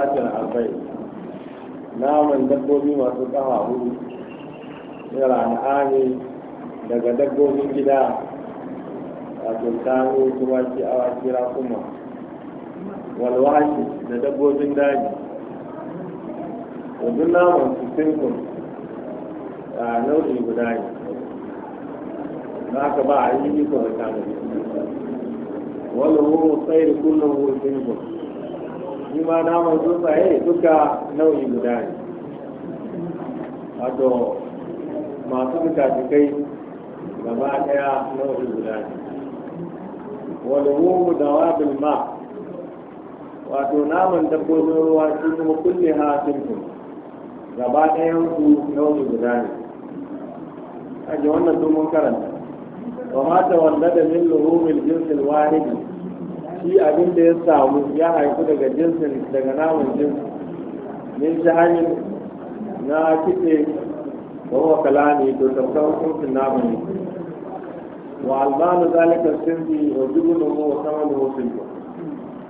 Na albai naman dabbobi masu kafa hudu yana al'ani daga dabbobin gida wato tanu tumaki awaki rakuma walwashi da dabbobin daji wajen naman su sinkun a nau'i guda ne na ka ba a yi iko da kanu wani huru tsaye kullum huru sinkun shi ma naman tsuntsaye duka nau'i guda ne wato masu fikafikai gaba ɗaya nau'i guda ne walhumu da wabin ma wato naman dabbobin ruwa shi kuma kulle ha sinfin gaba ɗayan su nau'i guda ne ji wannan domin karanta wa mata wanda da min luhumin jinsin wahidi shi abin da ya samu ya haifu daga jinsin daga namun jinsin min hanyar na kitse wa ne to tamkar hukuncin namun ne wa albanu zalika sinfi wa mu wa da wa sinfi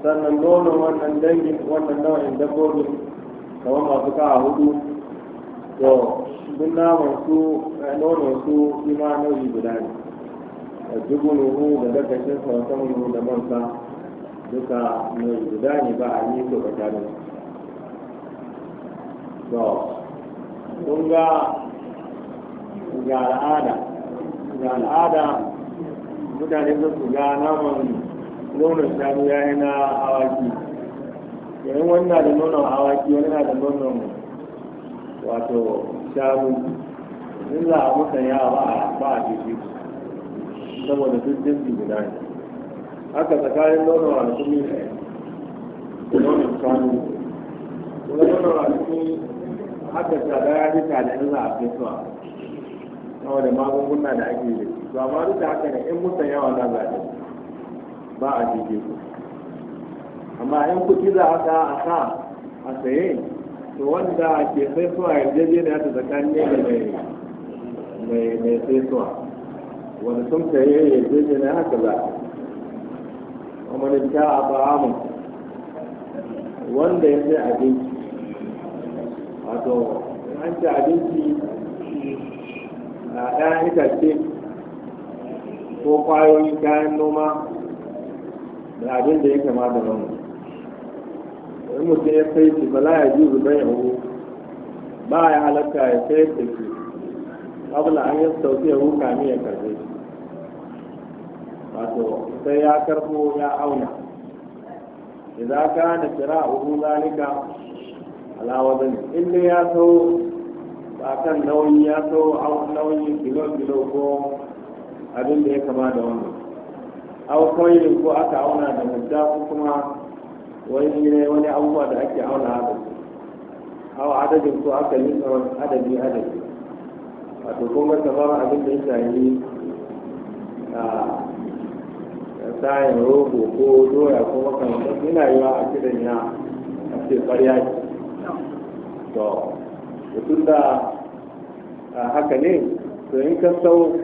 sannan nonon wannan dangin wannan nau'in dabbobin kamar masu kawo hudu to sun namun su eh, nonon su shi ma nau'i guda ne a jibunu da dakashin sa wa samanu da sa. duka mai guda ne ba a yi ko ka to kun ga ga al'ada ga al'ada mutane sun su ga naman nonon shanu ya yi na awaki yayin wani na da nonon awaki wani na da nonon wato shanu in mutane a ba a ba a saboda duk jinsi guda ne haka tsakanin kuma alkumi da nonon shanu kuma nonon alkumi haka tsada ya fi tsada in za a fi suwa da magunguna da ake yi to amma duk da haka ne in mutan yawa na zaɓe ba a jike ku amma in kuɗi za a sa a sa a saye to wanda ke sai suwa yarjejeniya ta tsakanin ne mai mai sai suwa wanda sun saye yarjejeniya haka za a man a ta'ama wanda ya sai abinci wato an ci abinci na ɗayan itace ko kwayoyin kayan noma da abin da ya kama da nan wani mutum ya sai shi bala ya ji ya yahu ba ya halatta ya sai ta shi kabla an yi sauke ya huka ya karfe wato sai ya karbo ya auna idza kana qira'uhu zalika ala wadan inda ya sau ba kan nauyi ya sau au nauyi kilo kilo ko abin da ya kama da wannan au koyin ko aka auna da mudda ko kuma wani ne wani abubuwa da ake auna da su au adadin ko aka yi tsawon adadi adadi wato kuma kamar abin da ya shahi ah, Sayan rogo ko doya ko makamantar yana yi a cikin ya a ce ƙarya ce to mutum da haka ne to in ka sau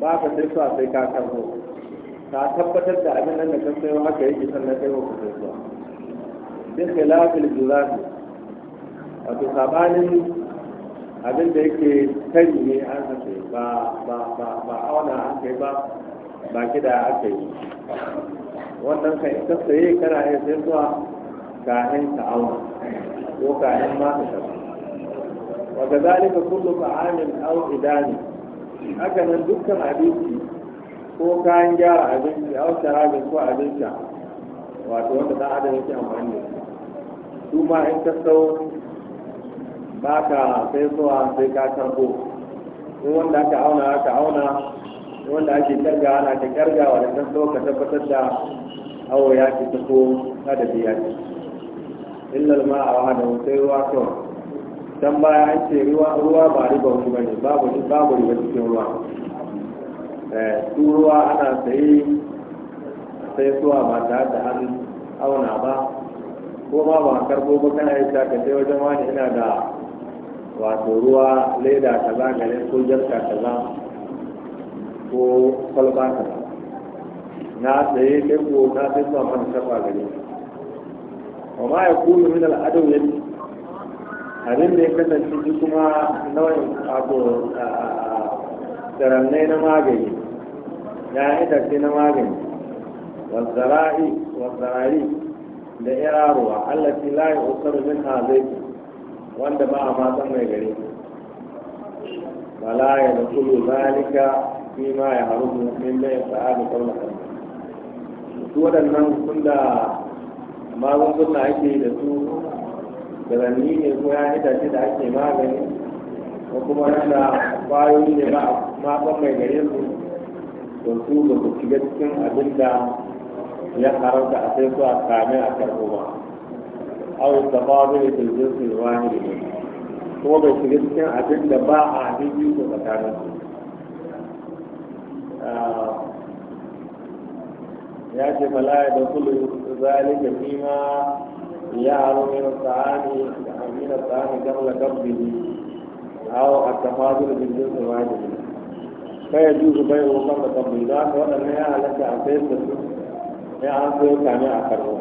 ba ka sai a sai ka karo ka tabbatar da abin nan da ka sayo haka yake sannan kai ku sai suwa bin khilafil jurafi wato sabanin abin da yake kari ne an haka ba ba ba ba auna an kai ba ba gida aka yi wannan kai ita tsaye kana iya sai zuwa kahin ta'awun ko kahin masu tafi wadda zalika kullu ta'amin au idani haka nan dukkan abinci ko kayan gyara abinci au sharabin ko abinci wato wanda a da yake amfani da su ma in ka sau ba ka sai zuwa sai ka tarbo in wanda aka auna aka auna wanda ake karga ana ta karga da kan so ka tabbatar da awo ya ke ta ko da biya ce illal ma a wahada sai ruwa kawai dan baya an ce ruwa ba riba wani bane babu babu riba cikin ruwa eh, su ruwa ana sayi sai suwa ba ta da an auna ba ko ma ba karbo ba kana yi ta sai wajen wani ina da wato ruwa leda ta gare ko jarka kaza ko kwalbata na tsaye ɗin ko na sai zuwa man shafa gare wa ma ya kulu min al'adau ya abin da ya kasance shi kuma nau'in abu tsarannai na magani ya yi tafi na magani wazzara'i wazzara'i da ya iraruwa allafi layi otar min hazai wanda ba a matan mai gare wala ya da kulu zalika فيما يعرض مما يفعل قول حمد su waɗannan sun magunguna ake da su garanni ne ko ya itace da ake magani ko kuma yadda kwayoyi ne ba makon mai gare su to su ba su shiga cikin abin ya haramta a sai su a a karɓo ba au ta ba zai da jinsin wani ne kuma bai shiga cikin abin ba a bibi ko tsakanin su ya ce bala ya da kulu zalika fima ya haru min sa'ani min sa'ani gamla gabbihi aw at-tafadul bil jins wajib fa yajuzu bai'u qabla tabyidat wa anna ya halaka an sayyidu ya an sayyidu kana a karbo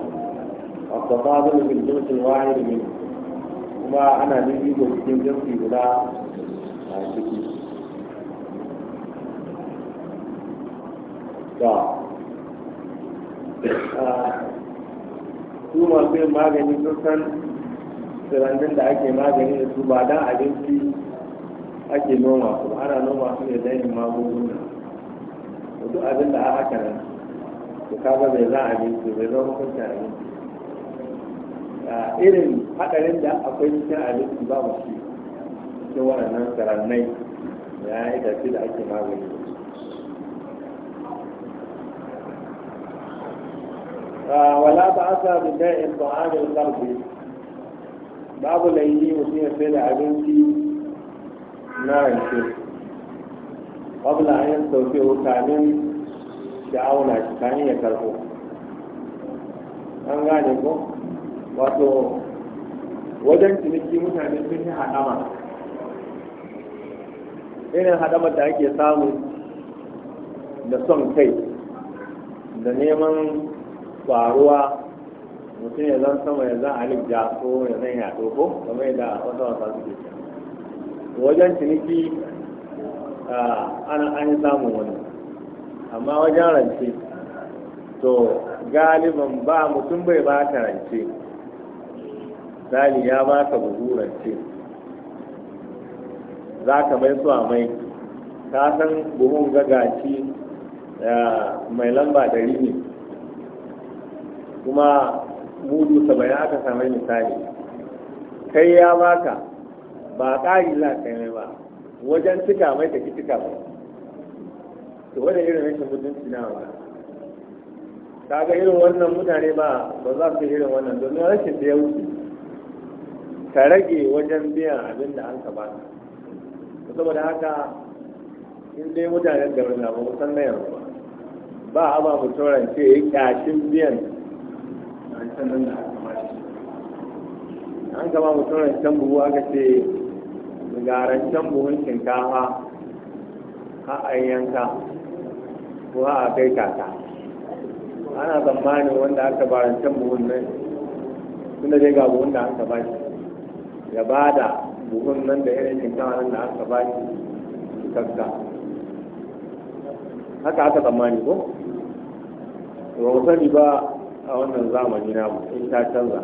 at-tafadul bil jins wahid min kuma ana yin iko cikin jinsi guda a ciki da su masu yin magani sun san tsirandun da ake magani da su ba abinci ake noma su ba ana noma su ne dainin magunguna duk abin da haka nan su kaga bai za abinci bai zama hukunta abinci irin haɗarin da akwai cikin abinci babu shi cikin waɗannan tsirannai ya yi da ake magani wala ba asa bi da'in ta'amil qalbi babu laifi mutum ya sai abinci na rance qabla an yastawfi kamin da auna shi kamin ya karbo an gane ko wato wajen ciniki mutane sun yi haɗama irin haɗamar da ake samu da son kai da neman faruwa mutum ya zan sama ya zan alif ja ko ya zan yato ko kamar da wata wata suke ce wajen ciniki ana an yi samun wani amma wajen rance to galiban ba mutum bai ba ka rance zali ya ba ka buhu rance za ka mai su a mai ka san buhun gagaci mai lamba dari ne kuma mudu saba'in aka same misali kai ya baka ba ƙari za ka yi ba wajen cika mai ki cika ba to wani irin rashin mutunci na ba ga irin wannan mutane ba ba za su irin wannan domin rashin da ya wuce ka rage wajen biyan abin da an ka baka saboda haka in dai mutanen da wani abu musan na yanzu ba ba a ba mutum rance ya kyashin biyan an gama mutum can buhu aka ce ga can buhun shinkafa ha a yanka ko ha a kai kaka ana tsammanin wanda aka ba can buhun nan tunda dai ga buhun da aka shi ya ba da buhun nan da irin shinkafa nan da aka bashi kakka haka aka tsammani ko ba mu ba a wannan zamani namu in ta canza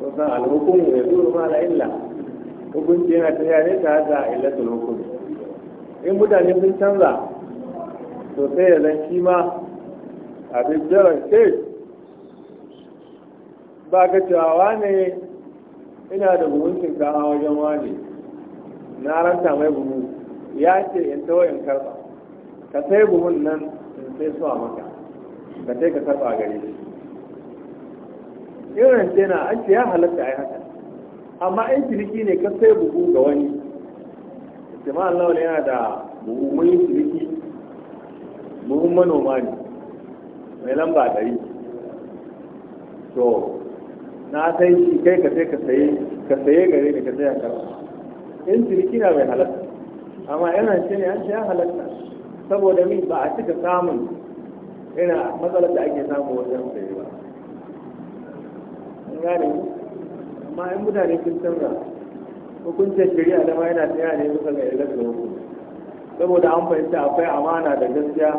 Wasan alhukumu ya zuru ma la illa hukunci yana tafiya ne tare da illatul hukumi in mutane sun canza to sai ya zan shi ma a bijjiran ce ba ka cewa wane ina da buhun shinkafa wajen wane na ranta mai buhu ya ce in tawo in karba ka sai buhun nan in sai su a maka ka sai ka saba gare shi irin ce na an ce ya halatta ai haka amma in ciniki ne ka sai buhu ga wani jama'a Allah yana da buhu mun yi ciniki buhu manoma ne mai lamba ɗari to na sai shi kai ka sai ka saye ka saye gare ni ka sai ya karɓa in ciniki na mai halatta amma irin ce ne an ce ya halatta saboda min ba a cika samun ina matsalar da ake samu wajen sayi ba gane amma in mutane sun canza hukuncin shari'a da ma yana tsaya ne bisa ga ilar da hukun saboda an fahimta akwai amana da gaskiya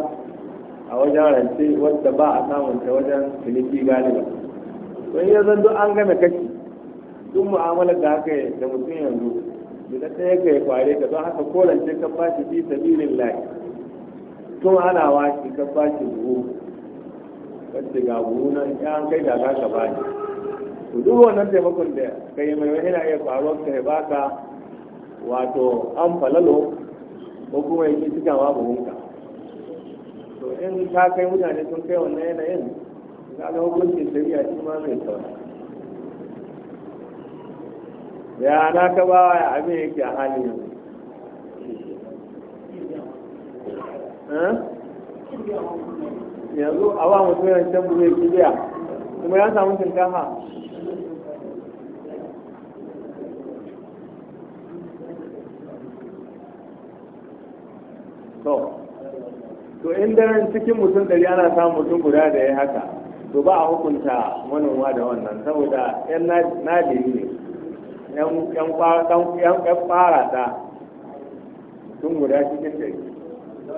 a wajen rance wadda ba a samun ta wajen filiki galiba don yi zan duk an gane kashi duk mu'amalar da haka da mutum yanzu da ta yake ya kware ka don haka ko kan ka ba shi fi sabilin lai tun ana waki ka ba shi buhu kace ga buhu nan ya an kai da ka ba shi to duk wannan taimakon da ka yi mai yana iya faruwa ka ba baka wato an falalo ko kuma yake cika ma buhunka to in ka kai mutane sun kai wannan yanayin ka ga hukuncin shari'a shi ma mai sauri ya na ka ba abin yake a halin yanzu yanzu a ba mutum yana can buɗe kiliya kuma ya samu shinkafa to to in daren cikin mutum dari ana samun mutum guda da ya haka to ba a hukunta manoma da wannan saboda yan nadi ne yan fara ta sun guda cikin ɗari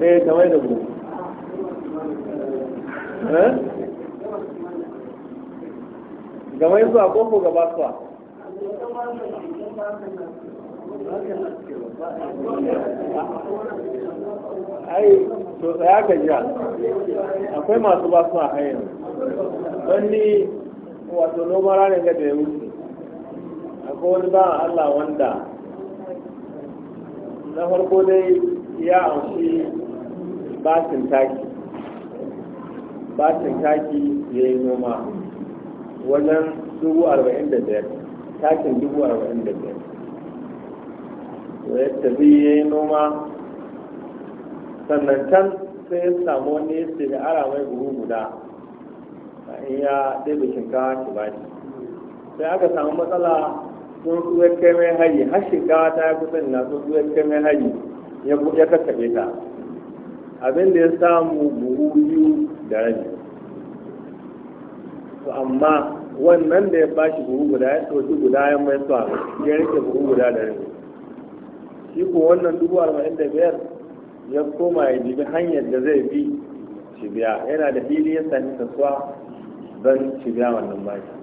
eh kamar da ku eh? gaba zuwa ko gaba suwa ai to tsaya ka jiya akwai masu ba suwa hanyar wani wato ne ranar da ya wuce akwai wani ba Allah wanda na farko dai ya amshi batin taki batin taki ya yi noma wajen dubu arba'in da biyar takin dubu arba'in da biyar ya tabi ya yi noma sannan can sai ya samu wani ya ce da ara mai guru guda in ya ɗaya shinkawa ki ba sai aka samu matsala Sun ya kai mai hayi har shekawa ta yi kusan na sun ya kai mai hayi ya ya kakkaɓe ta abin da ya samu buhu biyu da rabi to amma wannan da ya bashi buhu guda ya tsoci guda ya mai sa ya rike buhu guda da rabi shi ko wannan dubu arba'in da biyar ya koma ya jibi hanyar da zai bi cibiya yana da fili ya sami kasuwa don cibiya wannan bashi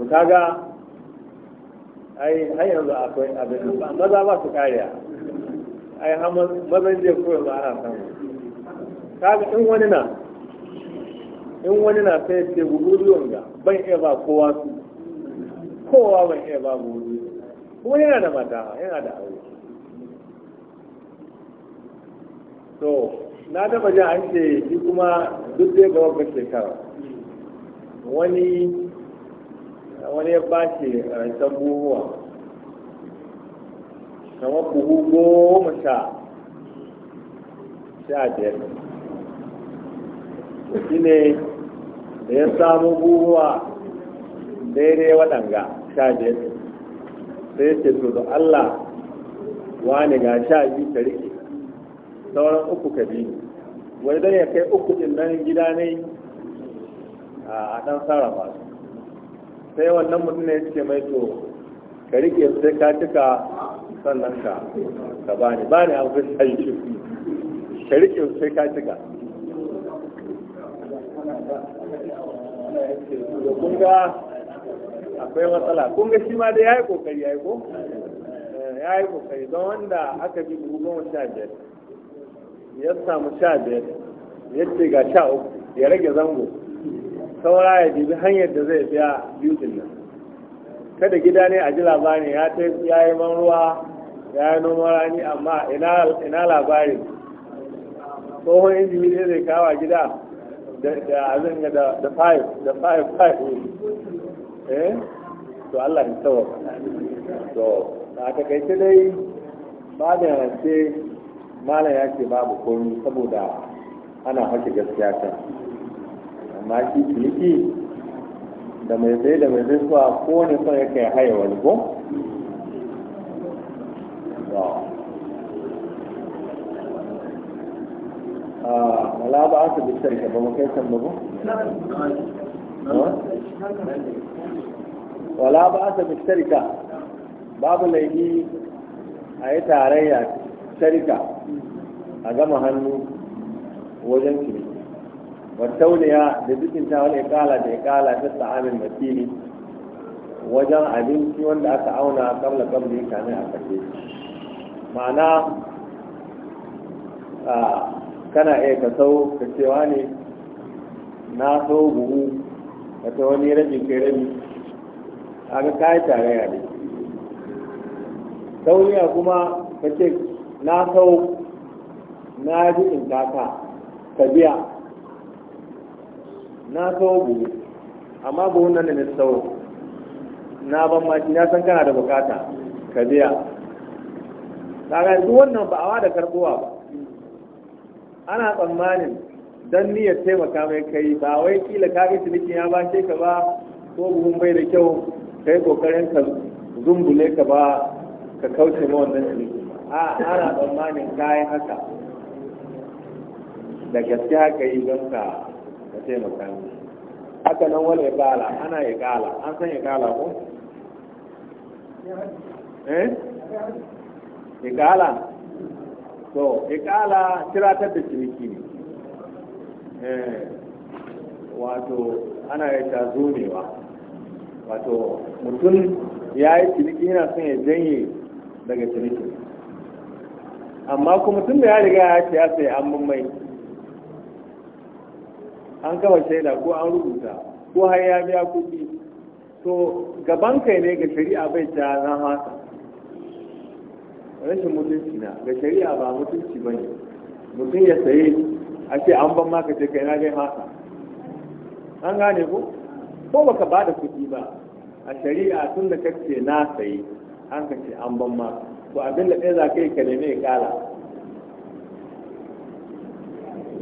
to kaga ai har yanzu akwai abin maza ba su kariya ai har mazan jiya ko yanzu ana samu kaga in wani na in wani na sai ce guguriyon ga ban iya ba kowa su kowa ban iya ba guguriyon kuma yana da mata yana da aure to na taba jin an ce shi kuma duk dai ga wakar shekara wani wani ya ba shi rancen eh, buhuwa kamar buhu goma sha sha biyar shi ne da ya samu buhuwa daidai waɗanga sha biyar sai ce to da Allah wani ga sha biyu ta rike sauran uku ka biyu wani zai ya kai uku ɗin nan gida ne a ɗan sarrafa su sai wannan mutum ne suke mai to ka rike sai ka cika sannan ka ka ba ba bani an fi sai shi ka rike sai ka cika da kun ga akwai matsala kun ga shi ma dai yi kokari yi ko eh, yi kokari don wanda aka bi dubu goma sha biyar ya samu sha biyar ya ce ga sha uku ya rage zango saura ya jibi hanyar da zai biya biyu nan kada gida ne a ji labari ya ta ya yi man ruwa ya yi noman rani amma ina labarin tsohon injini ne zai a gida da azin da da five da five five eh to Allah ya tsawo to a takaice dai ba da yanarce malam ya ce babu komi saboda ana hake gaskiya ta amma shi ciniki da mai sai da mai sai ko kowane son ya kai haya wani ko ah, wala ba a su bisar ka ba mu kai san ba wala ba a su bisar ka babu laifi a yi tarayya sharika a gama hannu wajen ciniki wattauniya da zikin ta wani ikala da ikala ta sa'amin makini wajen abinci wanda aka auna kamla kabla kabli kamin a kashe ma'ana kana iya ka sau ka cewa ne na sau buhu ka ta wani rabin kai rabi a ga kayi tarayya ne Tauniya kuma ka ce na sau na ji in kaka ka biya na kawo buhu amma buhun wannan da na na ban ma na san kana da bukata ka biya kaga duk wannan ba awa da karbuwa ba ana tsammanin dan niyyar taimaka mai kai ba wai kila ka ga ciniki ya bashe ka ba ko buhun bai da kyau kai kokarin ka zumbule ka ba ka kauce ma wannan ciniki a ana tsammanin kayan haka da gaske haka yi don ka ka taimaka mishi haka nan wani ya kala ana ya kala an san ya kala ko eh ya kala to ya kala tiratar da ciniki ne eh wato ana ya ta zonewa wato mutum ya yi ciniki yana son ya janye daga ciniki amma kuma tun da ya riga ya ce ya sai an mummai an kawo shaida ko an rubuta ko har ya biya kuɗi to gaban kai ne ga shari'a bai ta na haka rashin mutunci na ga shari'a ba mutunci ba ne mutum ya saye a ce an ban maka ce kai na gai haka an gane ko ko baka ba da kuɗi ba a shari'a tun da kace na saye an ka ce an ban maka to abin da ɗaya za ka yi ka nemi ya kala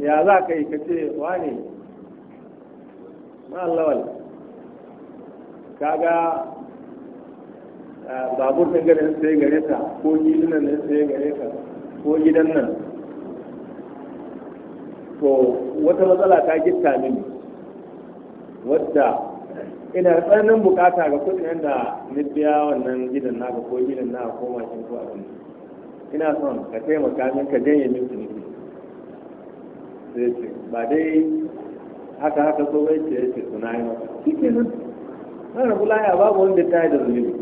ya za ka yi ka ce wane ma'allawal kaga eh, babur ɗin garin sai gare ta ko gidan nan sai gare ta ko gidan nan to wata matsala ta gitta mini wadda ina tsananin bukata ga kudin da na biya wannan gidan na ko gidan na ko mashin ko abin ina son ka taimaka min ka janye min ciniki sai ce ba dai haka haka so bai ce yace suna yi maka shi ke nan na rabu lahiya ba wanda ta yi da zunubi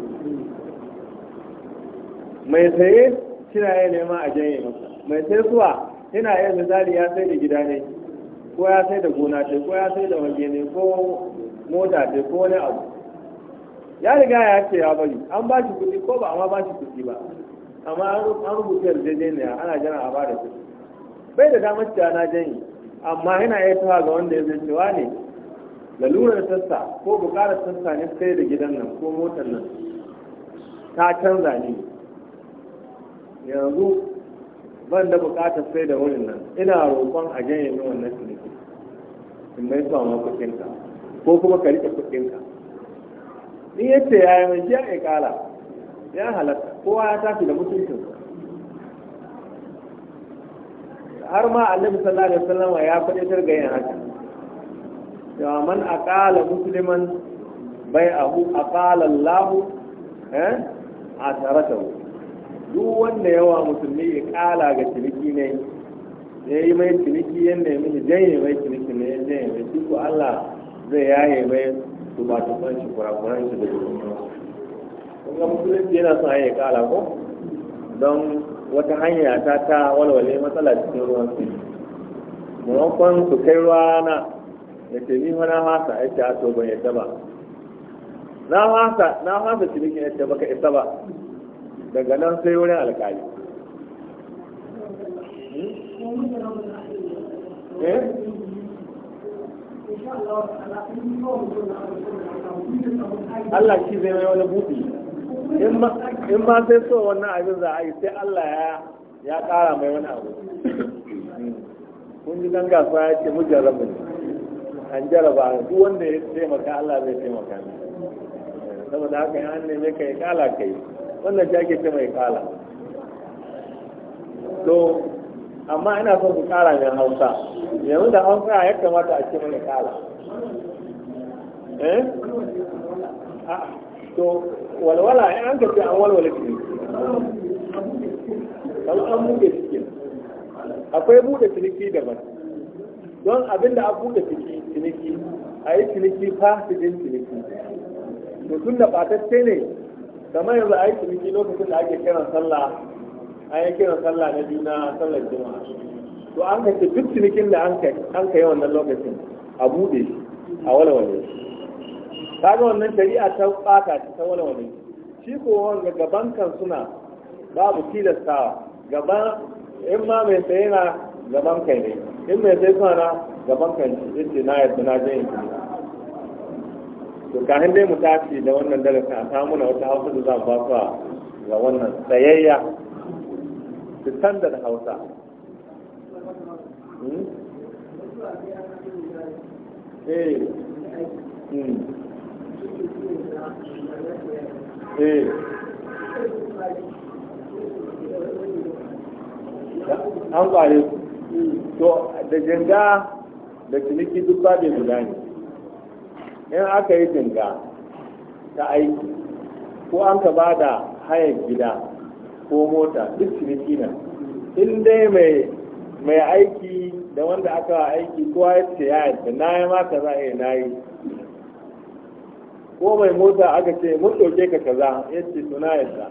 mai saye shina iya nema a janye masa mai sai suwa yana iya misali ya sai da gida ne ko ya sai da gona ce ko ya sai da waje ne ko mota ce ko wani abu ya riga ya ce ya bari an ba shi kuɗi ko ba amma ba shi kuɗi ba amma an rubuta yarjejeniya ana jana a ba da kuɗi bai da damar cewa na janye amma yana iya tuwa ga wanda ya zai cewa ne lalurar sassa ko bukarar sassa ne sai da gidan nan ko motar nan ta canza ne yanzu ban da bukatar sai da wurin nan ina roƙon a janye min wannan ciniki in mai sa ma ko kuma ka riƙe kuɗinka in yace ya yi mai shi ya kala ya halatta kowa ya tashi da mutuncinsa har ma annabi sallallahu alaihi wasallam ya faɗi ga yin haka cewa man aqala musliman bai'ahu aqala Allah eh asaratahu duk wanda yawa musulmi ya kala ga ciniki ne ya yi mai ciniki yadda ya mini janye mai ciniki ne ya mai shi ko Allah zai yaye mai tubatuban shi kurakuran shi da dukkan kun kuma musulunci yana son ya kala ko don wata hanya ta ta walwale matsala cikin ruwan su maimakon su kai ruwa na da ke yi na hasa a ita ato ban yadda ba na hasa na hasa cinikin yadda baka isa ba daga nan sai wurin alkali hmm? eh? Allah shi zai mai wani buɗi in ma sai so wannan abin za a yi sai Allah ya ƙara mai wani abu kun ji nan gasa ya ce mu jarrabu ne an jarraba duk wanda ya taimaka Allah zai taimaka ne saboda haka ya an neme ka ya kala kai wannan shi ake ce mai kala to amma ina son ku kara min hausa yanzu da hausa ya kamata a ce mai kala eh to walwala ya an tafi an walwala ke kan an buɗe ciki akwai buɗe ciniki daban don abinda an buɗe ciki ciniki a yi ciniki fasidin ciniki mutum da ɓatacce ne kamar yanzu a yi ciniki lokacin da ake kiran sallah an yi kiran sallah na juna sallar juma'a to an kace duk cinikin da an kai wannan lokacin a buɗe a walwale shi kaga wannan shari'a ta bata ta wani wani shi ko wanga gaban kan suna babu tilastawa gaban in ma mai saye na gaban kai ne in mai saye suna na gaban kan ne yace na yadda na je yanki to kafin dai mu tashi da wannan darasin a samu na wata hausa da za mu ba su ga wannan tsayayya standard hausa Hmm. Eh. hmm. Eh. an to da janga da ciniki duk bai guda ne in aka yi janga ta aiki ko an ka ba da hayan gida ko mota duk ciniki na in dai mai aiki da wanda aka aiki kowa ya ce ya yadda na yi maka za a eh, yi na yi ko mai mota aka ce mun ɗauke ka kaza ya ce suna yadda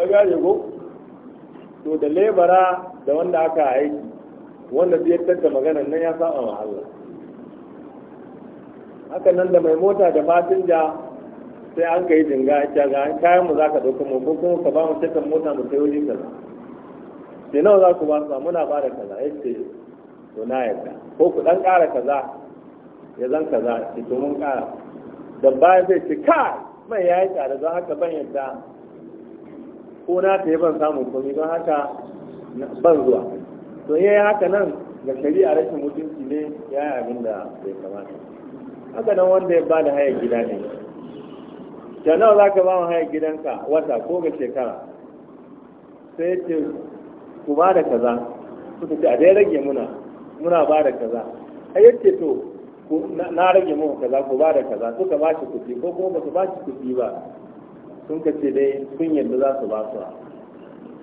a gaje ko to da lebara da wanda aka aiki wanda zai tattara magana nan ya saba wa Allah haka nan da mai mota da fasinja sai an kai dinga ya ga kayan mu zaka dauka mu ko kuma ka ba mu tattara mota mu kai wuri kaza sai nawa za ku ba su muna ba da kaza ya ce suna ya yadda ko ku dan ƙara kaza ya zan kaza ce to mun ƙara da ba zai ce kai mai ya yi tsada don haka ban yadda ko na ta yi ban samun komi don haka ban zuwa to ya yi haka nan ga shari'a rashin mutunci ne ya yi abin da bai kamata haka nan wanda ya ba da haya gida ne da nawa za ka ba mu haya gidanka wata ko ga shekara sai ce ku ba da kaza suka ce a dai rage muna muna ba da kaza a yace to na rage mun kaza ko ba da kaza suka ba shi kuɗi ko kuma ba su ba shi kuɗi ba sun ka ce dai sun yadda za su ba su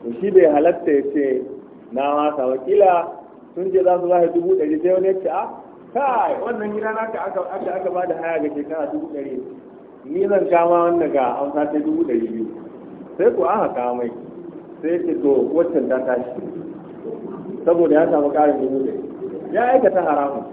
to shi bai halatta ya ce na wasa wakila sun je za su ba dubu ɗari sai wani ya ce a kai wannan gida na aka aka aka ba da haya ga shekara dubu ɗari ni zan kama wannan ga hausa ta dubu ɗari biyu sai ko aka kama mai sai ce to wacce ta tashi saboda ya samu ƙarin dubu ɗari ya aikata haramun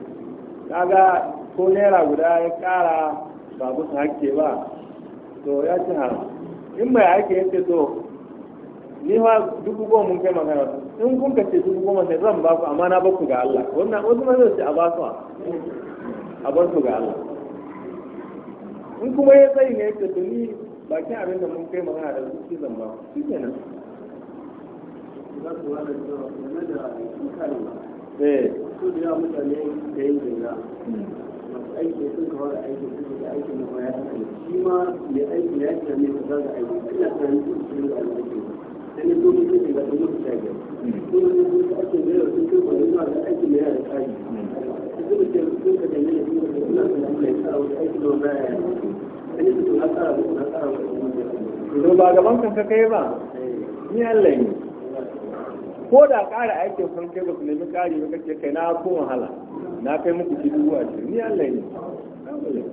kaga ko naira guda ya kara ba musu hake ba to ya ci haram in mai aiki ce to ni ma dubu goma mun kai magana in kun ka ce dubu goma sai zan ba ku amma na ba ku ga Allah wannan wasu ma zai ce a ba su a bar su ga Allah in kuma ya tsayi ne yake to ni bakin abin da mun kai magana da su zan ba ku shi kenan. Za su wada da game da karewa eh su da mutane da yin jinga hmm. aiki sun kawo da aiki su aiki hmm. aiki da aiki da hmm. ka Ba gaban kai ba, eh. ni Allah ne. ko da kara aikin sun ba nemi ƙari ba kake kai na ko wahala na kai muku ki dubu a ni Allah ne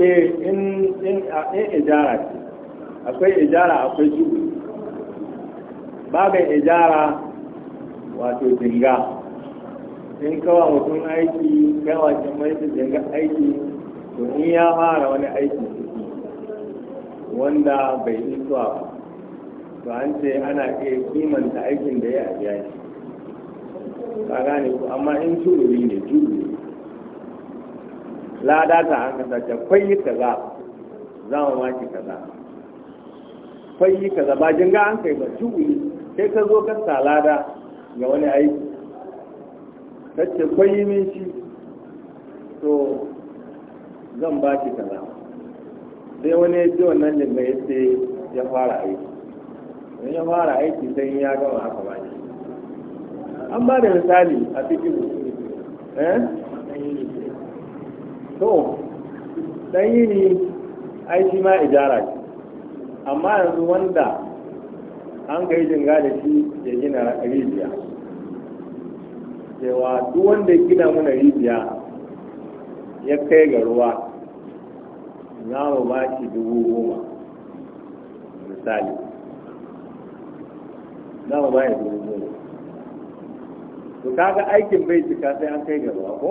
eh eh in in a ijara akwai ijara akwai jubu babin ijara wato dinga in kawo mutum aiki yawa can mai su ga aiki to ni ya fara wani aiki ciki wanda bai yi ba to an ce ana iya kimanta aikin da ya a biya shi ka gane ku amma in tururi ne tururi lada ta an kasa ta kwayi kaza za mu maki kaza kwayi kaza ba jinga an kai ba tururi sai ka zo ka sa lada ga wani aiki kace kwayi min shi to zan ba ki kaza sai wani ya ji wannan daga ya ce ya fara aiki don ya fara aiki sai ya gama aka ba shi an ba da misali a cikin eh to dan yini ai shi ma ijara ce amma yanzu wanda an ga yi jinga da shi ya gina rijiya cewa duk wanda ya gina muna rijiya ya kai ga ruwa za mu ba shi dubu goma misali za mu ba shi dubu goma to kaga aikin bai cika sai an kai ga ruwa ko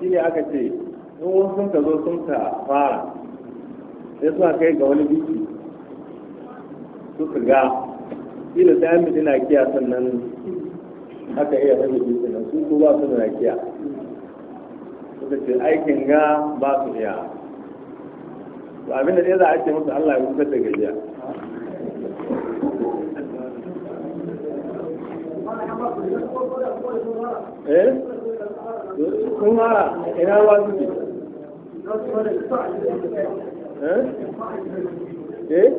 shi ne aka ce in wani sun ka zo sun ka fara sai suka kai ga wani biki suka ga ila sai an mutu na kiya sannan aka iya rage dutsen nan su ko ba su da nakiya suka ce aikin ga ba su iya to abinda ɗaya za a ce musu Allah ya kusa da gajiya eh sun hara ina ruwa suke eh? eh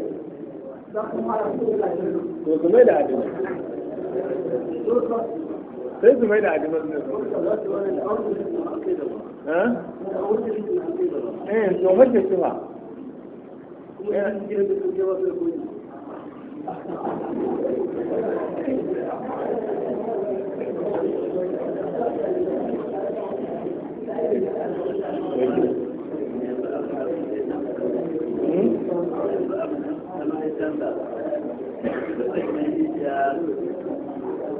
to su mai da abin sai su mai da ajimar ne eh Thank hmm? you.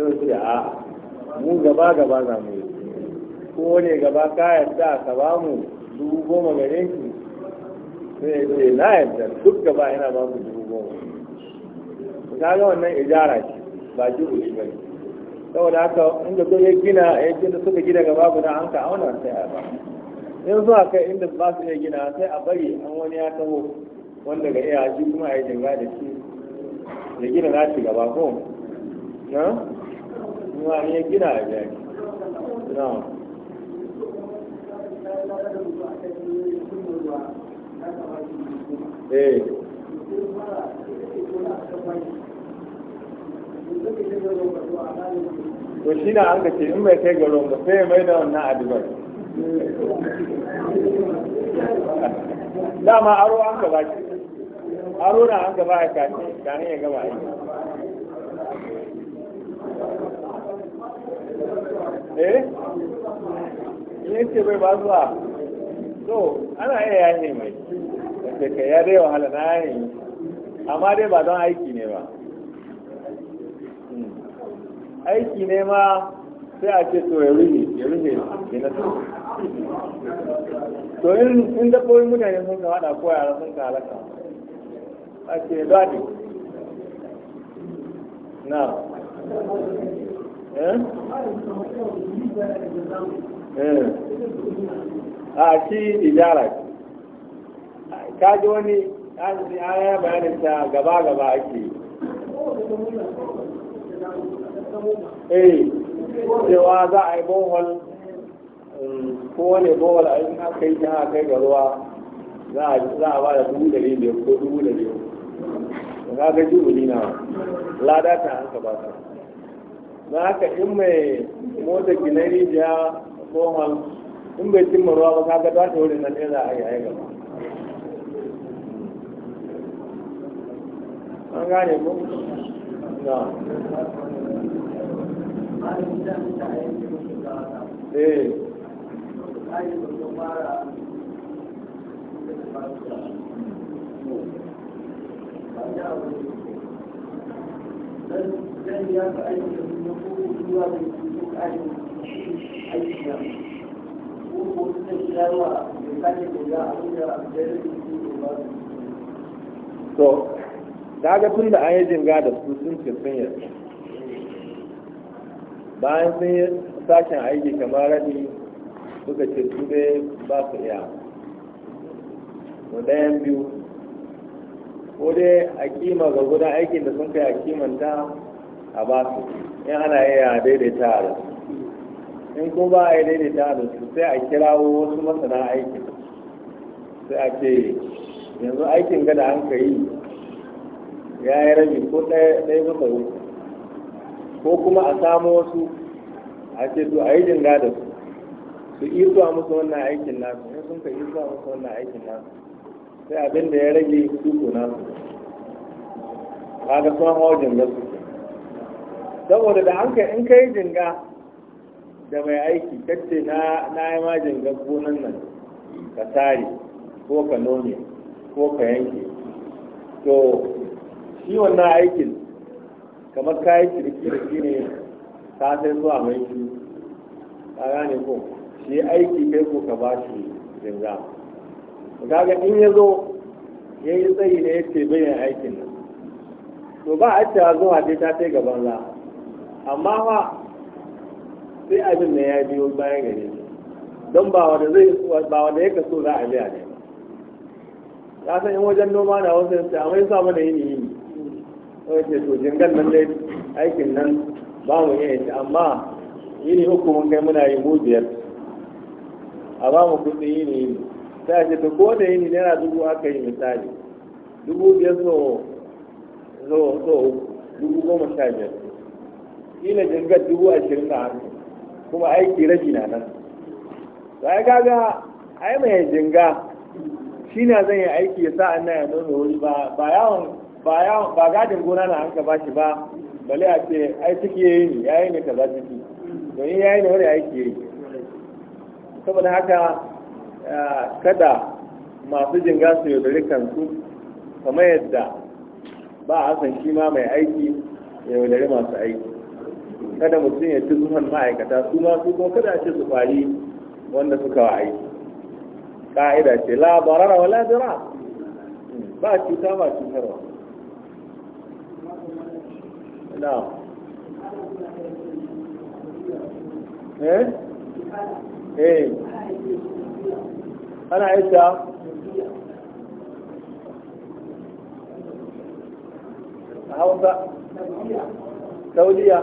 sai su a mu gaba gaba za mu yi ko ne gaba ka yadda ka ba mu dubu goma gare ki sai ce na duk gaba yana ba mu dubu goma ga wannan ijara ce ba jiru shi bane saboda haka inda zo ya gina ya gina suka gina gaba guda an ka auna sai a ba in kai inda ba su iya gina sai a bari an wani ya taho wanda ga iya shi kuma a yi da shi gaba ko wani ya gina a jari na'am eh to shi na an ka ce in bai kai ga ba sai ya mai da wannan adibar dama aro an gaba ce. aro na an ka ba ya kashi kanin ya gama aiki eh yin ce bai ba zuwa so ana iya yaye mai da ka ya dai wahala na yaye amma dai ba don aiki ne ba hmm. aiki ne ma sai a ce to ya rufe ya rufe ya na to in dabbobin mutane sun kama da ko yara sun ka halaka a ce daɗi na Eh? Eh. a shi idara ka ji wani ya bayanin ta gaba-gaba ake eh cewa za a yi bohol mm, ko wani bohol a yi kai yi ta kai ga ruwa za a ba da dubu da biyar ko dubu da biyar ga ga jubuli na lada ta hanka ba ta na haka in mai motsa gina rijiya ko hal in bai cimma ruwa ba kaga ta wurin na ne za a yi aiki gaba an gane ku na eh Thank you. zan ya fi aiki da kuma ko zuwa da ko ƙarin aiki da ko ko suka shirarwa da kake koya abin da jarin su ba to kaga tun da an yi jinga da su sun ce sun yarda bayan sun yi sashen aiki kamar rabi suka ce su dai ba su iya mu ɗayan biyu ko dai a kima ga gudan aikin da sun kai a ta a ba su in ana iya daidaita da su in ko ba a daidaita da su sai a kirawo wasu masana aikin sai a ce yanzu aikin gada an ka yi ya yi rabi ko ɗaya maka uku ko kuma a samu wasu a ce to a yi jinga da su su izuwa musu wannan aikin nasu in sun ka izuwa musu wannan aikin nasu sai abin da ya rage su na su kaga sun hawa jinga su saboda da an kai in kai jinga da mai aiki kacce na na yi ma jinga gonan nan ka tare ko ka nome ko ka yanke to shi wannan aikin kamar yi kirki kirki ne ka sai zuwa mai shi ka gane ko shi aiki kai ko ka ba shi jinga gaga in ya zo ya yi tsayi da ya ce bayan aikin nan to ba a cewa zuwa dai ta kai gaban za amma fa sai abin da ya biyo bayan gare shi don ba wanda zai ba wanda ya kaso za a biya ne ya san in wajen noma na wasu yanzu amma ya samu da yini yini sai ce to jingan nan dai aikin nan ba mu iya shi amma yini uku mun kai muna yi mu biyar a ba mu kuɗi yini yini ta ce ta ko da naira aka yi misali dubu biyar so dubu goma sha biyar kila dubu ashirin da hannu kuma aiki rabi na nan ya kaga ai mai jinga shi na zan yi aiki ya an na ya nome wuri ba ba yawon ba gona na an ka ba shi ba bale a ce ai ciki ne yayi ne kaza ciki don yi ne wani aiki yayi kada masu jinga su yaudari kansu kamar yadda ba a san shi ma mai aiki ya yaudari masu aiki kada mutum ya ci zuwan ma'aikata su ma su kuma kada ce su kwari wanda suka wa aiki ƙa'ida ce la barara wala ba cuta ba cutarwa na'am eh eh ana yadda a hausa tauliya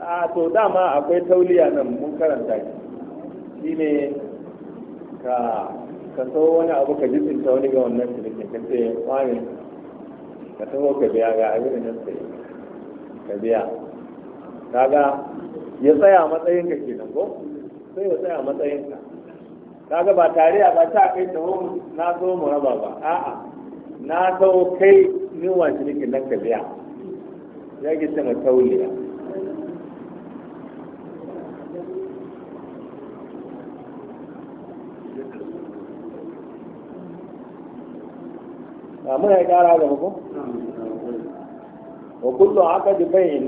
a to dama akwai tauliya nan mun karanta shi ne ka ka so wani abu ka jisinta wani ga wannan da ka ce wani ka taho ka biya ga abin da sai ka biya kaga ya tsaya matsayin ka kenan ko sai ya tsaya matsayin ka kaga ba tare ba ta kai taho na zo mu raba ba a'a na zo kai ni wa cinikin nan ka biya ya ki sama tauliya a ya kara ga ko wa kullu aqdi bayn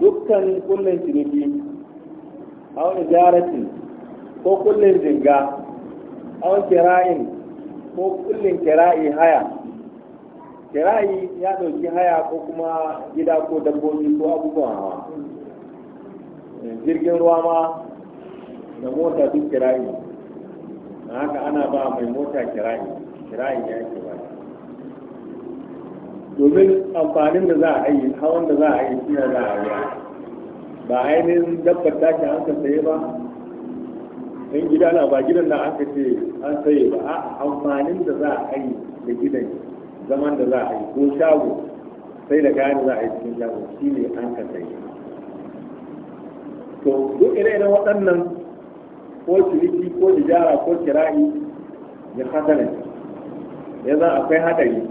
dukkan kullun ciniki aw ijaratin ko kullin jinga awon kira'in ko kullin kira'i haya kira'i ya ɗauki haya ko kuma gida ko dabbobi ko abubuwan hawa jirgin ruwa ma da mota duk kira'i na haka ana ba mai mota kira'i kira'i ya ke ba domin amfanin da za a yi hawan da za a yi shi za a yi ba ainihin dabbar tashi an ka saye ba in gida na ba gidan na aka ce an saye ba a amfanin da za a yi da gidan zaman da za a yi ko shago sai da gani za a yi cikin shago shi ne an ka sai to duk ire-iren waɗannan ko ciniki ko jijara ko kira'i ya hadari ya za akwai haɗari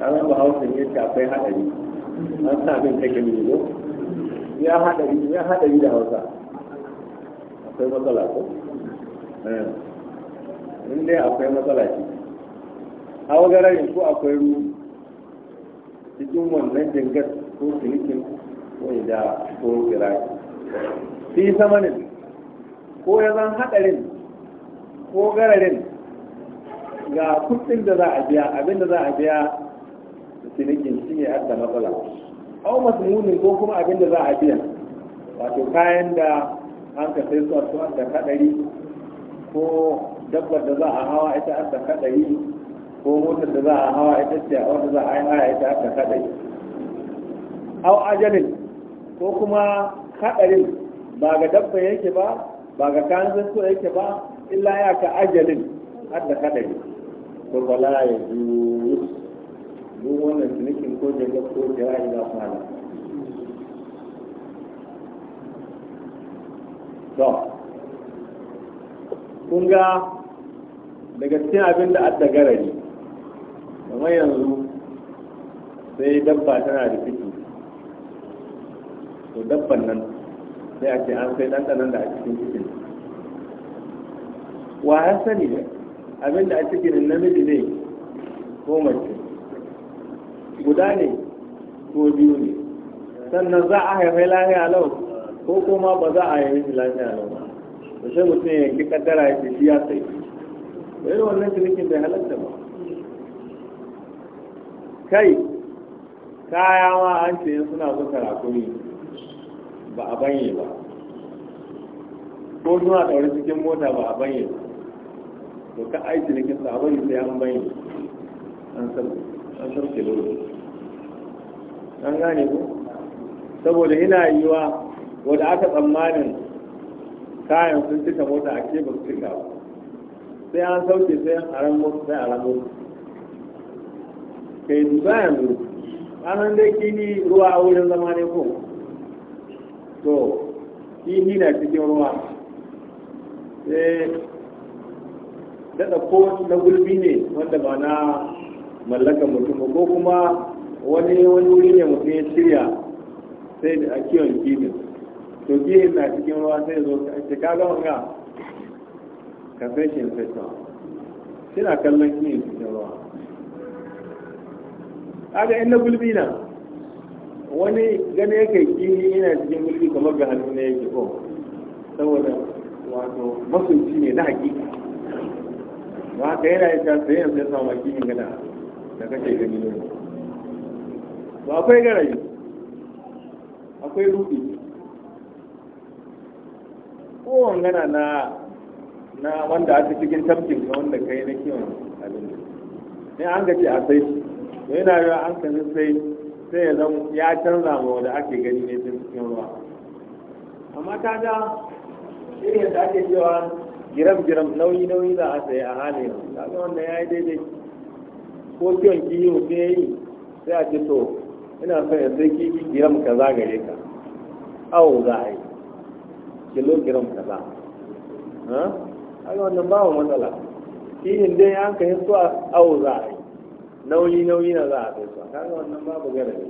ya zama hausin ya ne ce akwai haɗari an sa abin kake ne ya haɗari ya haɗari da hausa akwai matsala ko eh. in dai akwai matsala ce a wagararin ko akwai ruwa cikin wannan jingar ko silikin ko da ko kiraki fi samanin ko ya zan haɗarin ko gararin ga kudin da za a biya abin da za a biya silikin shi ne adda matsala au masmunin ko kuma abin da za a biya wato kayan da an ka sai su a su da kadari ko dabbar da za a hawa ita an da kadari ko motar da za a hawa ita ce a wanda za a yi haya ita an da kadari au ajalin ko kuma kadarin ba ga dabba yake ba ba ga kayan so yake ba illa ya ka ajalin har da kadari ko bala ya duk wannan cinikin ko jirgin ko jira ina fara to kun ga daga cikin abin da adda garari kamar yanzu sai dabba tana da ciki to dabban nan sai a ce an sai ɗanɗanan da a cikin cikin wa ya sani ne abin da a cikin namiji ne ko mace guda ne ko biyu ne sannan za a haifai lahiya lau ko kuma ba za a yi lafiya lau ba da sai mutum ya yanki kaddara ya ce shi ya sai ba yi wannan cinikin bai halatta ba kai kaya ma an ce suna son karakuri ba a banye ba ko suna ɗaure cikin mota ba a banye ba to ka ai cinikin sa a banye sai an banye an sarki lori an gane ko saboda yana yiwa wanda aka tsammanin kayan sun cika mota a ke basu cika ba sai an sauke sai an aramo sai aramo kai duba yanzu anan dai kini ruwa a wurin zama ne ko to kini na cikin ruwa sai daɗa ko na gulbi ne wanda ba na mallakar mutum ko kuma wani wani wuri ne mutum ya shirya sai da a kiwon kibin to biye na cikin ruwa sai zo ka ce ka ga wanga ka sai shi sai to suna kallon kiyin cikin ruwa kaga in na gulbi na wani gane yake kiyi yana cikin gulbi kamar ga hannu ne yake ko oh, saboda wato masunci ne na hakika ba ka yana yi sai yanzu ya yin kiyin gada da kake gani ne ba akwai garayi akwai rufi ko wangana na na wanda aka cikin tafkin ka wanda kai na kiwon abinci ne an ga ce a sai shi yana yana wa an kanin sai sai ya zama ya canza ma wanda ake gani ne sun cikin ruwa amma ta ga irin yadda ake cewa giram giram nauyi nauyi za a sayi a hali yanzu ta ga wanda ya yi daidai ko kiwon kiwo sai ya yi sai a ce to ina son ya sai kifi giram ka zagare ka awo za a yi kilogram kaza haka wannan babu matsala ne dai an ka hisko a awo za a yi nauyi nauyi na za a kai su kaga wannan babu garari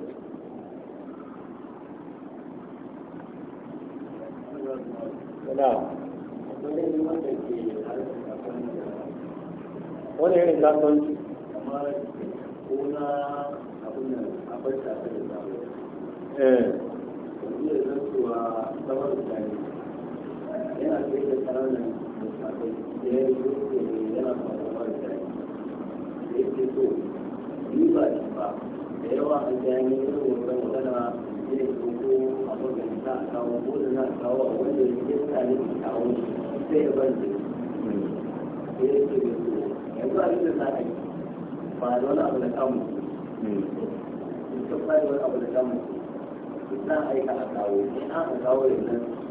wani irin kasuwanci eh yana da yadda kananan da ya yi ke yana faruwa da tare da yake so yi ba shi ba da yawa a jami'in irin wannan magana zai so a magana a kawo ko da za kawo a wanda ya sa ne a kawo sai ya ban da ya yake da so yanzu a za a yi ba da wani abu da kamun ba da wani abu da a kawo a kawo yanzu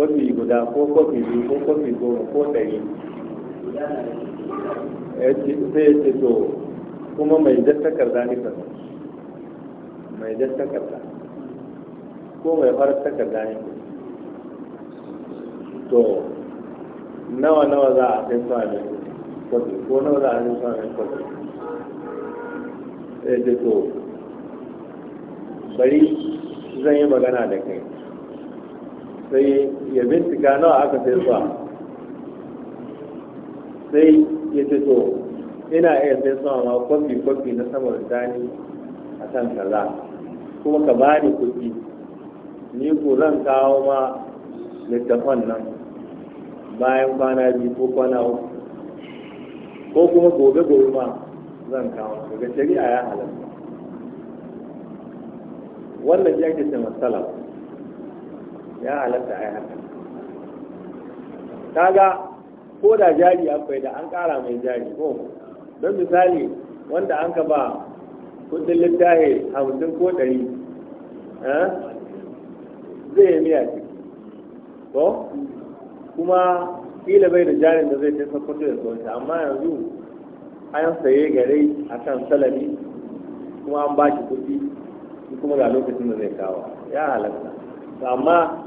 kofi guda ko kofi biyu ko kofi goma ko ɗari sai ya ce to kuma mai jattakar zanikar mai jattakar ko mai farar takarda ne to nawa nawa za a kai suwa mai kwafi ko nawa za a kai suwa mai kwafi sai ce to bari zan yi magana da kai sai ya bincika nawa aka sai zuwa sai ya ce to ina iya sai zuwa ma kwafi kwafi na sama da dani a kan kaza kuma ka ba ni kuɗi ni ku zan kawo ma littafan nan bayan kwana biyu ko kwana uku ko kuma gobe gobe ma zan kawo daga shari'a ya halatta wannan ya ke ce matsala ya halatta a haka kaga ko da jari akwai da an kara mai jari ko don misali wanda an ka ba kudin littafi hamsin ko ɗari zai yi miya ce ko kuma kila bai da jarin da zai tafi kudu da sauransa amma yanzu an saye gare a kan salami kuma an ba shi kuɗi kuma ga lokacin da zai kawo ya halatta amma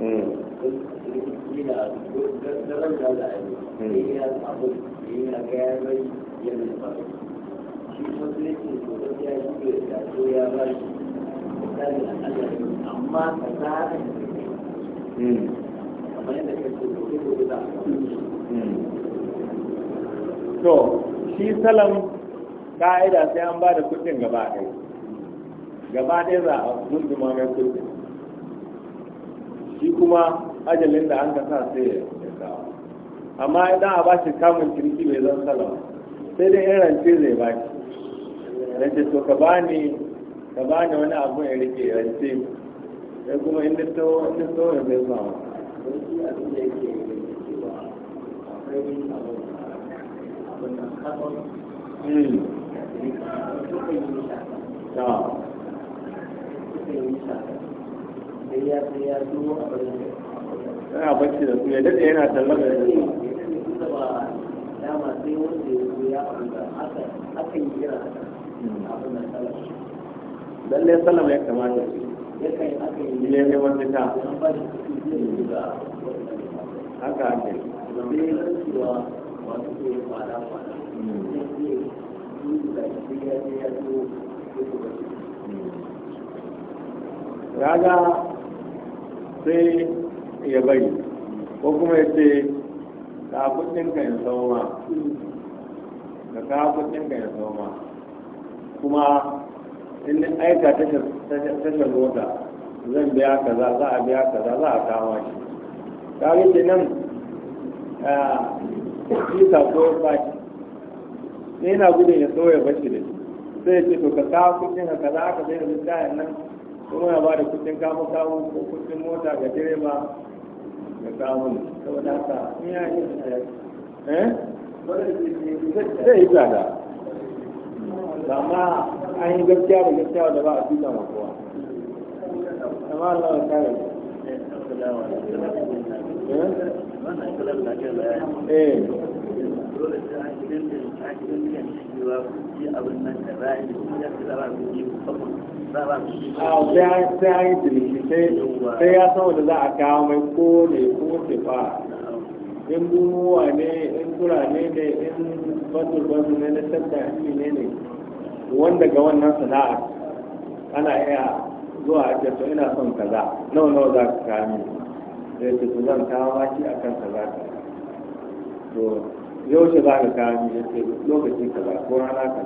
amma ka zara kamar to shi salam ka'ida sai an ba da kuɗin gaba ɗaya gaba ɗaya za a gunduma mai kuɗin shi kuma ajalin da an kasa sai ya kawo amma idan a bashi kamun kirki mai zan salawa sai dai yan rance zai baki. rance to ka bani ka bani wani abu ya rike rance sai kuma inda to wani to ya zai samu Mm. Yeah. yana bacci da su ya daɗe yana tallaba da su lallai ya kamata ne wanda ta haka sai ya bari ko kuma ya ce ka kudin ka yin sauma ka ka kudin ka yin sauma kuma in aika tashar mota zan biya kaza za a biya kaza za a kama shi ta wuce nan shi ko ba shi ne na gudun ya so bashi da shi sai ya ce to ka kawo kudin ka kaza ka zai da nan kuma ya ba da kudin kamo kawo ko kudin mota ga direba ga kawo saboda haka in ya yi eh, eh zai yi tsada amma an yi gaskiya da gaskiya da ba a tuta ma kowa amma Allah ya kare eh, eh. dole sai a gidan da a gidan da cewa ku ji abin nan da ra'ayi ku ya ci zaba ku ji ku fafa zaba ku ji a sai an yi ciniki sai ya san wanda za a kawo mai ko ne ko ce ba in bunuwa ne in tura ne ne in batul batul ne na tattara ne ne wanda ga wannan sana'a ana iya zuwa a to ina son kaza nawa nawa za ka kami sai ce to zan kawo maki akan kaza to yaushe za ka kawo ni ya ce lokaci kaza ko rana ka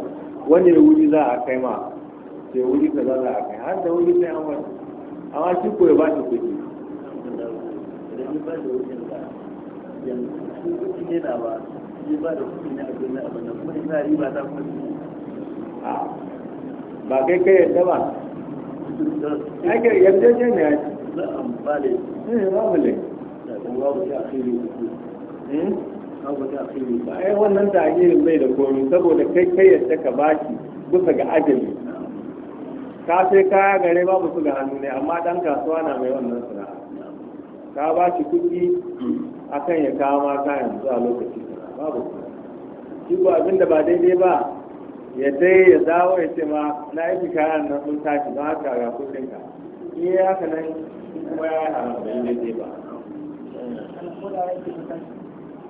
wani wuri za a kai ma ce wuri ka za a kai har da wuri sai an wani amma shi ko ya ba shi kuɗi ba kai kai yadda ba ake yadda ce ne ake ba eh, ne hmm? ai wannan tagirin bai da komi saboda kai kai yadda ka baki bisa ga ajali ka sai kaya gare babu su ga hannu ne amma dan kasuwa na mai wannan sana'a ka ba shi kuɗi akan ya kama kayan zuwa lokaci babu shi ko abin da ba daidai ba ya dai ya dawo ya ce ma na yi kayan nan sun tashi don haka ga kuɗin ka in eh, ya haka nan kuma ya yi haram yi daidai ba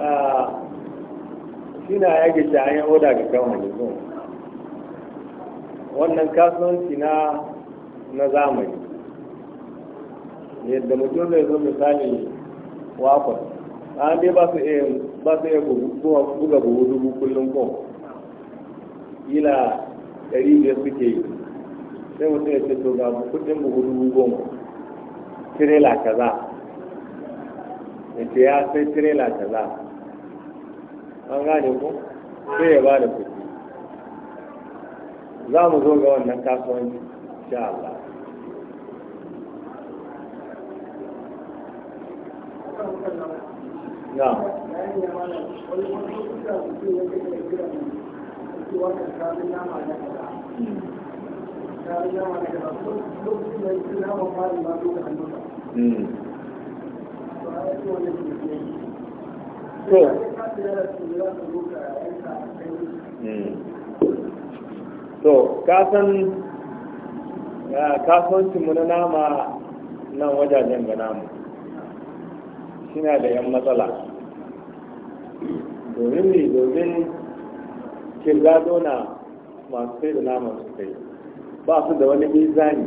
Ah, shi ya gashi an yi oda ga kan wani zuwa wannan kasuwanci na na zamani yadda mutum zai zo misali wakon an dai ba su iya ba su iya buga buhu dubu kullum ko ila ɗari biyar suke yi sai mutum ya ce to ga kuɗin buhu dubu goma tirela kaza ya ce ya sai tirela kaza an gane ko ya ba da kuɗi za mu zo ga wannan kasuwanci sha Allah na hmm. hmm. to Hmm. to kasan kasuwancinmu na nama nan wajajen ga namu shina da 'yan matsala domin ne domin kirga na masu sai da nama su kai ba su da wani mizani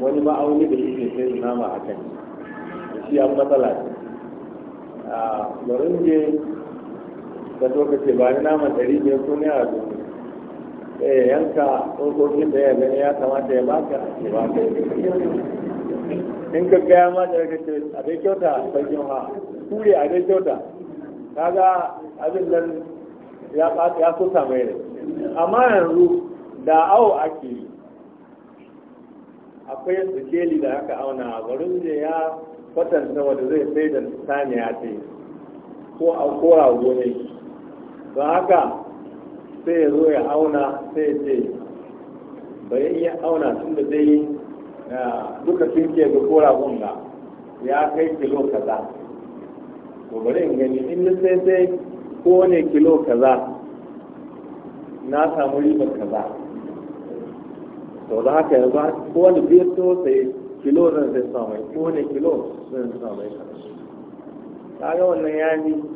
wani ma'auni da yake sai da nama a kan shi 'yan matsala ce a ah, ne ka lokaci ce ba ni naman ɗari biyar ko ne a dubu sai eh, yanka tsokokin da ya gani ya kamata ya baka ya baka in ka gaya ma da ka ce a dai kyauta sarkin ha kure a dai kyauta kaga abin nan ya ɓata ya kusa mai rai amma yanzu da awo ake yi akwai sikeli da aka auna garin da ya kwatanta wanda zai sai da saniya ce ko a kora gona ba haka sai ya zo ya auna sai ce bai iya auna tun da dai duka sun ke ga kora gunga ya kai kilo kaza to bari in gani in na sai sai ko ne kilo kaza na samu ribar kaza to da haka yanzu ko wani biyar to sai kilo zan sai samai ko ne kilo zan samai kaza kaga wannan ya yi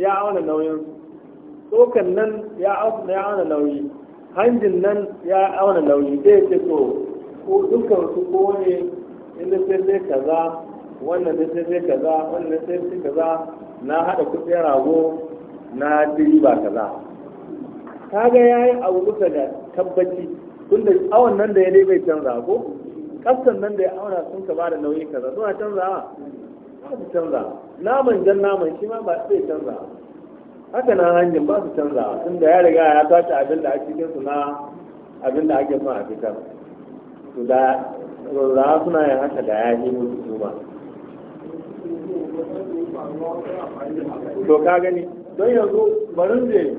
ya auna nauyin tsokan nan ya auna nauyi hanjin nan ya auna nauyi zai ce to ko dukkan su ko ne inda sai sai kaza wannan da sai sai kaza wannan da sai sai kaza na hada kuɗin rago na ba kaza kaga yayi abu kusa ga tabbaci tunda awon nan da ya ne bai canza ko kasan nan da ya auna sun ka da nauyi kaza suna canzawa ba su canza naman jan naman shi ma ba su canza haka na hanyar ba su canza tun da ya riga ya tashi abin da a cikin na abin da ake son a fitar su da rurra suna yin haka da ya yi musu su ba to ka gani don yanzu barin zai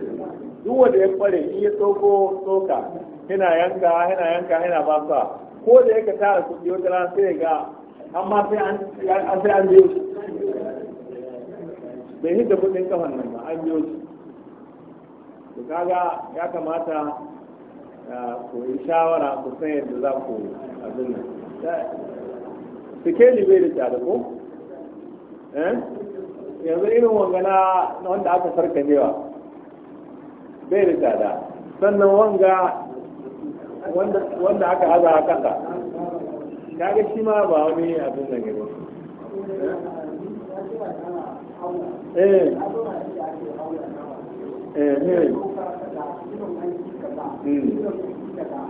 duk wanda ya kware in ya tsoko tsoka yana yanka yana yanka yana ba ko da yake tara kuɗi wata rana sai ga amma sai an biyo su, bai hidda kudin kafan nan ba an biyo su, to kaga ya kamata ku yi shawara ku san yadda za ku abin nan sikeli bai da ko eh? yanzu irin wangana na wanda aka newa bai da tsada sannan wanga wanda aka haza a kanka. kaga shi ma ba wani abin da gaba eh eh, eh.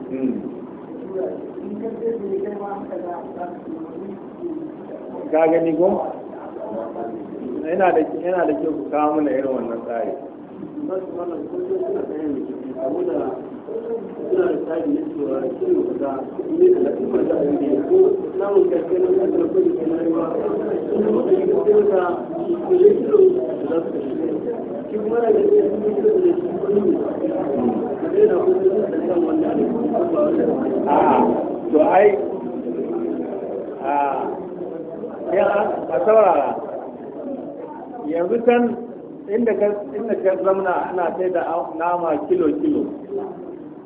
Hmm. ka gani ko yana da yana da kyau ku kawo mana irin wannan tsari suna da tsari na cewa shirin guda ne da lafi ma za a yi biya ko samun karfe na kan karfe da ke narewa sun kuma da yake sai da kule shirin da za su kashe shi kuma na da yake sun yi shirin da shi kullum da zai na kuma da kan wanda ne ba wanda a to ai a ya a saurara yanzu can inda ka zamna ana sai da nama kilo kilo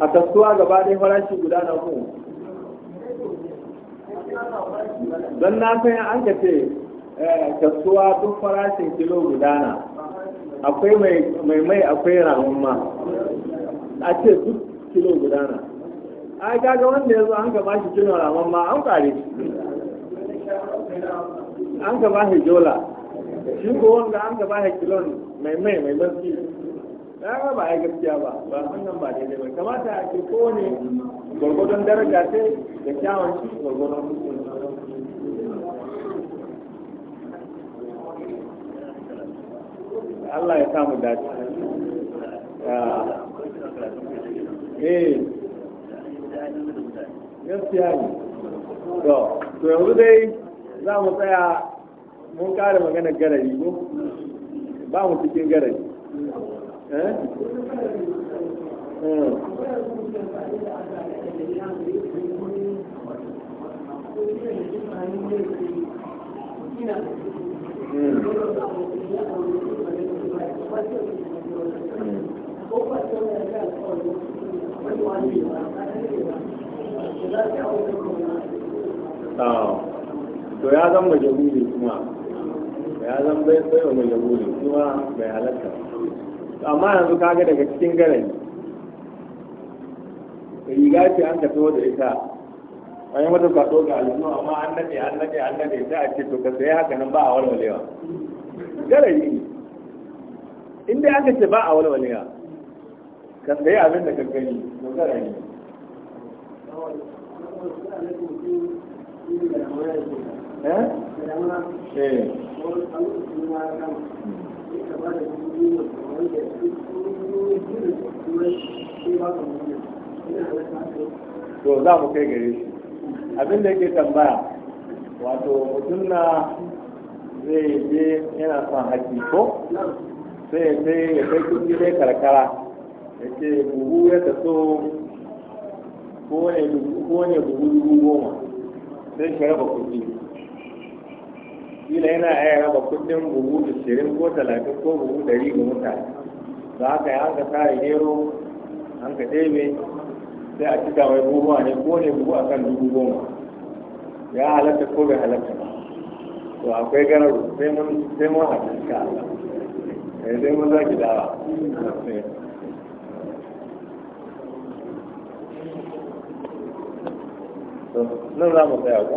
a kasuwa gaba ɗaya farashi guda na ku don na san an ka ce eh, kasuwa duk farashin kilo guda na akwai mai mai akwai ramun ma a ce duk kilo guda na a gaga wanda ya zo an ka shi kilo ramun ma an kare an ka shi jola shi ko wanda an ka shi kilon mai mai mai mafi na eh, ba a gaskiya ba ba wannan ba daidai ba kamata a ce kowane gwargwadon daraja ce da kyawun shi gwargwadon Allah ya samu dace eh gaskiya ne to to yanzu dai za mu tsaya mun kare magana garari ko ba mu cikin garari to ya zan majahuli kuma ya zan bai bai wa majahuli kuma bai halatta amma yanzu kaga daga cikin da riga ce an tafi da ita an yi mata kwaɗo ga alhunu amma an nade an nade an nade sai a ce to ka sai haka nan ba a walwalewa garari ne in dai aka ce ba a walwalewa ka sai abin da ka gani to garari Eh. eh. to za mu kai gare shi abin da yake tambaya wato mutum na zai je yana son haƙi ko sai sai ya kai kuɗi dai karkara ya ce buhu ya ta so ko ne buhu dubu goma sai shi raba kuɗi kila yana aya raba kudin buhu shirin ko talatin ko buhu ɗari ga mutane za haka ya an ka tare gero an ka ɗebe sai a cika mai goma ne ko ne buhu akan dubu goma ya halatta ko bai halatta ba to akwai gararu sai mun sai mun haɗu ka Allah eh, sai mun zaki dawa eh. nan za mu tsaya ko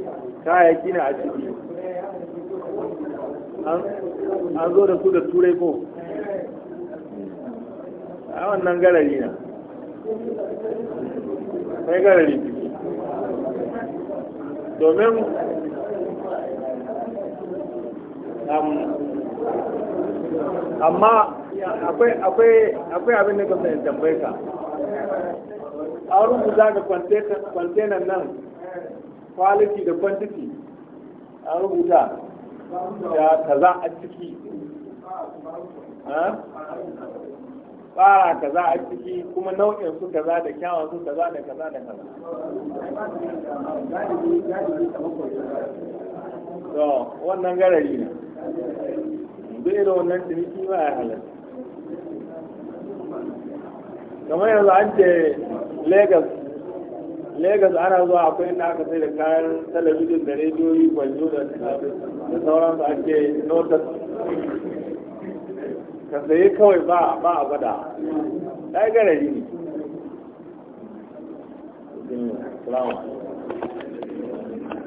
kayayyaki na a ciki an zo da su da turai ko a wannan galari na sai galari ciki domin amma akwai abin da ka tambaye ka an rubuta ga kwantenan nan kwaliki da quantity an rubuta da kaza a ciki tsara kaza a ciki kuma nau'in su kaza da kyawun su kaza da kaza da kaza to wannan garari ne duk irin wannan ciniki ba ya halatta kamar yanzu an ce lagos Legas ana zuwa akwai inda aka sai da kayan talabijin da rediyoyi gwanjo da sauran su ake notas ka sayi kawai ba ba a bada ɗaya yi ne